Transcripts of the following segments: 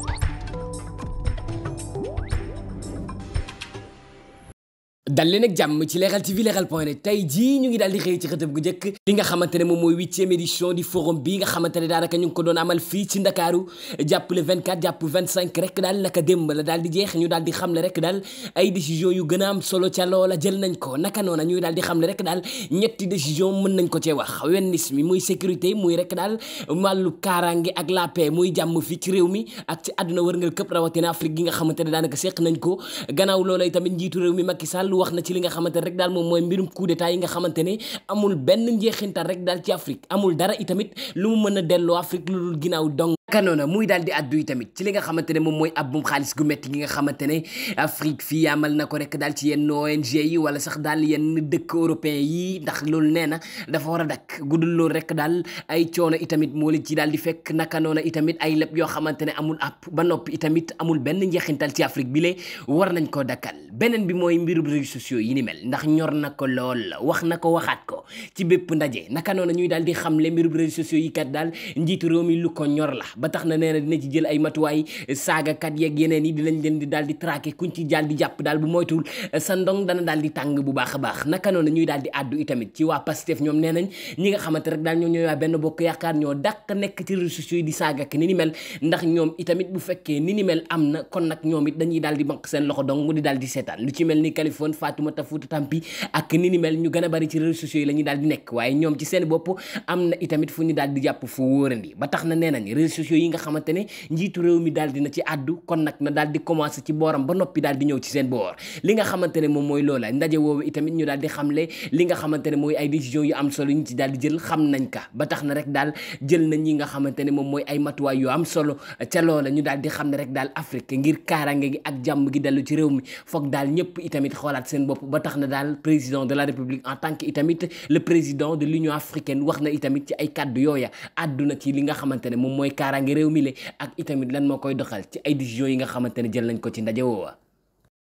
Thank you. dal leen jàmm ci leeral tv leeral point net tey jii ñu ngi daal di xëy ci xëtëb gu nga xamante ne moom mooy huitième édition du forum bi nga xamante ne daanaka ñu ngi ko doon amal fii ci ndakaaru jàpp le 24 di jeex ñu daal di xam ne rek daal ay décision yu gën a am solo ca loola jël nañ ko naka noona ñuy daal di xam ne rek daal ñetti décision mën nañ ko cee wax wennis mi muy sécurité muy rek daal wàllu kaaraange ak la paix muy jàmm fii ci réew mi ak ci àdduna wërngal këpp rawatina Afrique gi nga xamante ne daanaka seq nañ ko gannaaw loola itamit njiitu réew mi Macky Sall wax na ci li nga xamante ne rek daal moom mooy mbirum coup d'état yi nga xamante ne amul benn njeexintal rek daal ci Afrique amul dara itamit lu mu mën a delloo Afrique lu dul ginnaaw dong kanoona muy daal di addu yi tamit ci li nga xamante ne moom mooy abbum xaalis gu metti gi nga xamante ne Afrique fii yaamal na ko rek daal ci yenn ONG yi wala sax daal yenn dëkk européen yi ndax loolu nee na dafa war a dakk guddul loolu rek daal ay coono itamit moo leen ci daal di fekk naka noona itamit ay lépp yoo xamante ne amul app ba noppi itamit amul benn njeexintal ci Afrique bi lee war nañ koo dakkal beneen bi mooy mbirum réseaux sociaux yi ni mel ndax ñor na ko lool wax na ko waxaat ko ci bépp ndaje naka noona ñuy daal di xamle mbirum réseaux sociaux yi kat daal njiitu réew mi lu ko ñor la ba tax na nee na dina ci jël ay matuwaay saagakat yeeg yeneen yi dinañ leen di daal di traqué kuñ ci daal di jàpp daal bu moytuwul sa ndong dana daal di tàng bu baax a baax naka noonu ñuy daal di àddu itamit ci waa Pastef ñoom nee nañ ñi nga xamante bokk yaakaar ñoo dàq ndax ñoom itamit bu fekkee ni mel am na kon nag ñoom it dañuy daal di bank seen loxo dong mu di daal di seetaan lu ci mel ni Californie Fatoumata Fouta Tampi ak ni mel ñu gën a bari ci réseaux sociaux yi la ñuy daal di nekk waaye ñoom ci seen bopp am na itamit fu ñu daal di jàpp fu wóorandi ba tax na nee nañ sociaux yi nga xamante ne njiitu réew mi daal dina ci àddu kon nag na daal di commencé ci booram ba noppi daal di ñëw ci seen boor li nga xamante ne moom mooy loola ndaje woowu itamit ñu daal di xamle li nga xamante ne mooy ay décisions yu am solo ñu ci daal di xam nañ ka ba tax na rek nga ca loola ñu daal di xam ne rek daal Afrique ngir kaaraange gi ak jàmm gi dellu ci réew mi foog daal ñëpp itamit xoolaat seen bopp ba tax na daal président de la république en tant que itamit le président de l'union africaine wax na itamit ci ay kàddu yooya àdduna ci li nga xamante kaaraange réew mi ak itamit lan moo koy doxal ci ay décisions yi nga xamante ne jël nañ ko ci ndaje woowa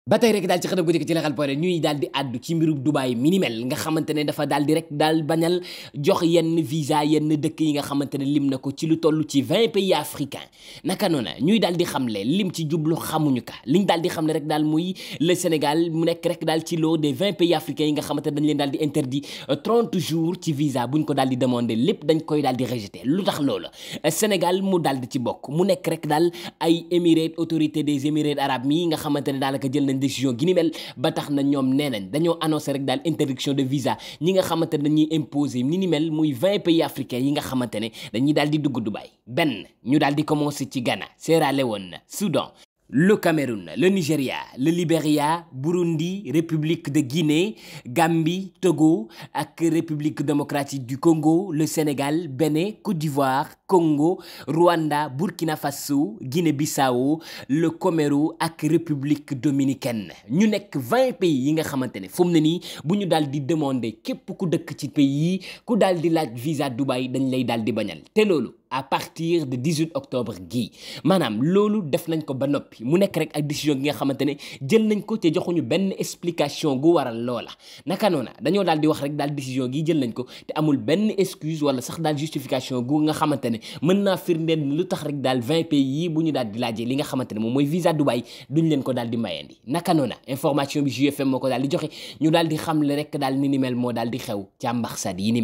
ba tey rek daal ci xët bu ci leexal point ñuy daal di àddu ci mbirum Dubaay minimal nga xamante ne dafa daal di rek daal bañal jox yenn visa yenn dëkk yi nga xamante ne lim na ko ci lu toll ci vingt pays africains naka noona ñuy daal di xamle lim ci jublu xamuñu ka liñ daal di xamle rek daal muy le Sénégal mu nekk rek daal ci lot des vingt pays yi nga xamante ne dañ leen daal di interdit euh, trente jours ci visa buñ ko daal di demandé lépp dañ koy daal di rejeté lu tax loola euh, Sénégal mu daal di ci bokk mu nekk rek daal ay émirats autorité des émirats arabes mi nga xamante ne daanaka jël nañ décision gi ni mel ba tax na ñoom nee nañ dañoo annoncé rek daal interdiction de visa ñi nga xamante ne dañuy imposer ni muy vingt pays africains yi nga xamante ne dañuy daal di dugg Dubaï benn ñu daal di commencé ci Ghana Sierra Leone Soudan le Cameroun, le Nigeria, le Libéria, Burundi, République de Guinée, Gambie, Togo ak République démocratique du Congo, le Sénégal, Bénin, Côte d'Ivoire, Congo, Rwanda, Burkina Faso, Guinée-Bissau, le Comoro ak République dominicaine. ñu nekk 20 pays yi nga xamante ne fu mu nii bu ñu daal di demander képp ku dëkk ci pays yi ku daal di laaj visa Dubaï dañ lay daal di bañal te loolu. à partir de 18 octobre gii maanaam loolu def nañ ko ba noppi mu nekk rek ak décision gi nga xamante ne jël nañ ko te joxuñu benn explication gu waral loola naka noona dañoo daal di wax rek daal décision gi jël nañ ko te amul benn excuse wala sax daal justification gu nga xamante ne mën naa firndeel lu tax rek daal 20 pays yi bu ñu daal di laajee li nga xamante ne moom mooy visa Dubaï duñ leen ko daal di mayandi naka noona information bi GFM moo ko daal di joxe ñu daal di xamle rek daal ni ni moo daal di xew ci ambassade yi ni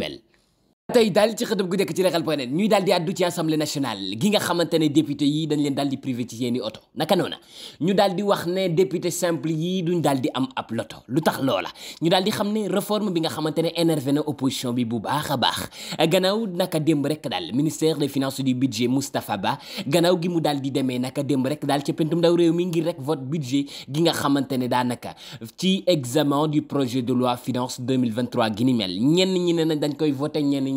tey daal ci xëtëb gu dekk ci leeral point net ñuy daal di àddu ci assemblée nationale gi nga xamante député yi dañ leen daal di privé ci seeni oto naka noona ñu daal di wax ne député simple yi duñ daal di am ab loto lu tax loola ñu daal di xam ne réforme bi nga xamante ne énervé na opposition bi bu baax a baax gannaaw naka demb rek daal ministère des finances du budget Moustapha Ba gannaaw gi mu daal di demee naka démb rek daal ca pentum ndaw réew mi ngir rek vote budget gi nga xamante ne daanaka ci examen du projet de loi finance 2023 gi ni mel ñenn ñi ne nañ koy voté ñenn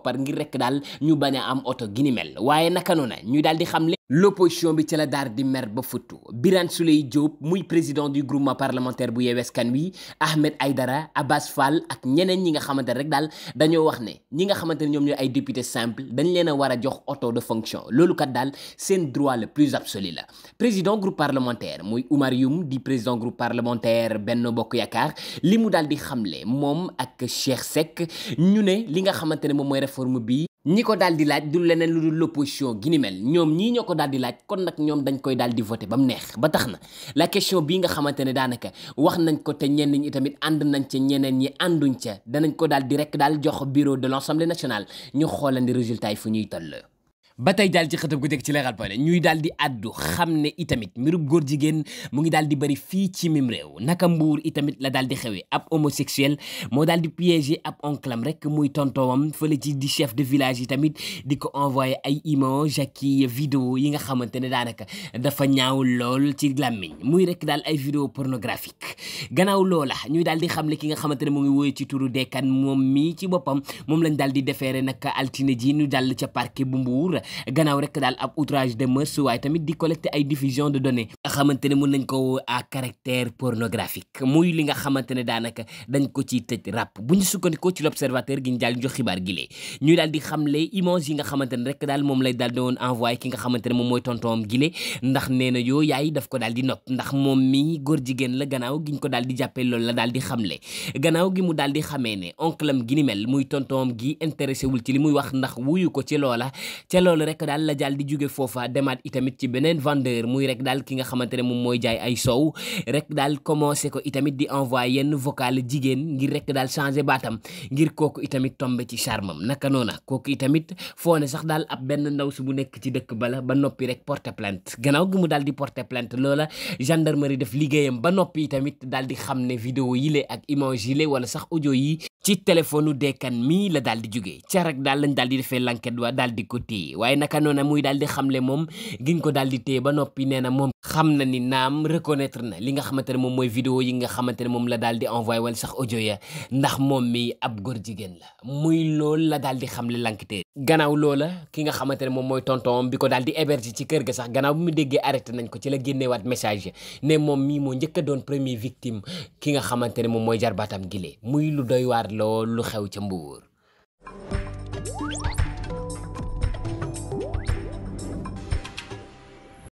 koppar ngir rek daal ñu bañ a am oto gi ni mel waaye daal di xam l'opposition bi ci la daar di mer ba futtu Birane Souleye Diop muy président du groupement parlementaire bu Yewwi Askan Wi Ahmed Aïdara Abbas Fall ak ñeneen ñi nga xamante ne rek daal dañoo wax ne ñi nga xamante ne ñoom ñooy ay député simple dañ leen war a jox auto de fonction loolu kat daal seen droit le plus absolu la président groupe parlementaire muy Oumar Youm di président groupe parlementaire benn Bokk Yaakaar li mu daal di xamle moom ak Cheikh Seck ñu ne li nga xamante ne moom mooy réforme bi ñi ko daal di laaj du leneen lu dul l'opposition gi ni ñoom ñii ñoo ko daal di laaj kon nag ñoom dañ koy daal di voté ba mu neex ba tax na la question bii nga xamante ne daanaka wax nañ ko te ñenn ñi tamit ànd nañ ca ñeneen ñi ànduñ ca danañ ko daal direk daal jox bureau de l'Assemblée nationale ñu xoolandi résultat yi fu ñuy toll ba tey daal ci xëtëb gu dégg ci leeral point ñuy daal di addu xam ne itamit mbiru góor jigéen mu ngi daal di bëri fii ci mim réew naka mbuur itamit la daal di xewee ab homosexuel moo daal di piéger ab onclam rek muy am tontoowam le ci di chef de village yi tamit di ko envoyé ay image ak i vidéo yi nga xamante ne daanaka dafa ñaaw lool ci làmmiñ muy rek daal ay vidéo pornographique gannaaw loola ñuy daal di ne ki nga xamante ne mu ngi woy ci turu dekan moom mi ci boppam moom lañ daal di defeere nag altine ji ñu dal ca parquet bu Mbuur gannaaw rek daal ab outrage de mœurs waaye tamit di collecter ay diffusion de données nga xamante ne mën nañ ko à caractère pornographique muy li nga xamante ne daanaka dañ ko ciy tëj ràpp bu ñu sukkandikoo ci l'observateur gi jaal daal di jox xibaar gi lee ñuy daal di xamle image yi nga xamante ne rek daal moom lay daal di woon envoyé ki nga xamante ne moom mooy tontoom gile ndax nee na yoo yaay daf ko daal di nopp ndax moom mi góor jigéen la gannaaw giñ ko daal di jàppee loolu la daal di xamle gannaaw gi mu daal di xamee ne oncle am gi ni mel muy tontoom gi intéressé wul ci li muy wax ndax wuyu ko ci loolu rek daal la jàll di jóge foofa demaat itamit ci beneen vendeur muy rek daal ki nga xamante ne moom mooy jaay ay sow rek daal commencé ko itamit di envoyé yenn vocal jigéen ngir rekk daal changé baatam ngir kooku itamit tombe ci charmam naka noona kooku itamit foo ne sax daal ab benn ndaw si bu nekk ci dëkk bala ba noppi rek porter plainte ganaaw gi mu daal di porter plainte loola gendarmerie def liggéeyam ba noppi itamit daal di xam ne vidéo yile ak image wala sax audio yi ci téléphone Dekkan mii la daal di jóge carak daal lañ daal di defee l'enquête wa daal di ko téye waaye naka noona muy daal di xamle moom giñ ko daal ba noppi nee na moom xam na ni naam reconnaître na li nga xamante ne moom mooy vidéo yi nga xamante ne moom la daal di envoyé wal sax audio ya ndax moom mi ab góor jigéen la muy lool la daal di xamle l'enquêteur gannaaw loola ki nga xamante ne moom mooy tonton bi ko daal di héberger ci kër ga sax gannaaw bi mu déggee arrêté nañ ko ci la génneewaat message ne moom mii moo njëkk a doon premier victime ki nga xamante ne moom mooy jarbaatam gile muy lu doy waar la woon lu xew ca mbuur